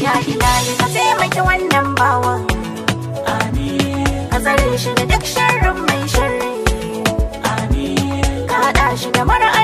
ya ilahi ka taimaki wannan bawan ka tsare shi da duk sharrin mai sharri ka haɗa shi da a.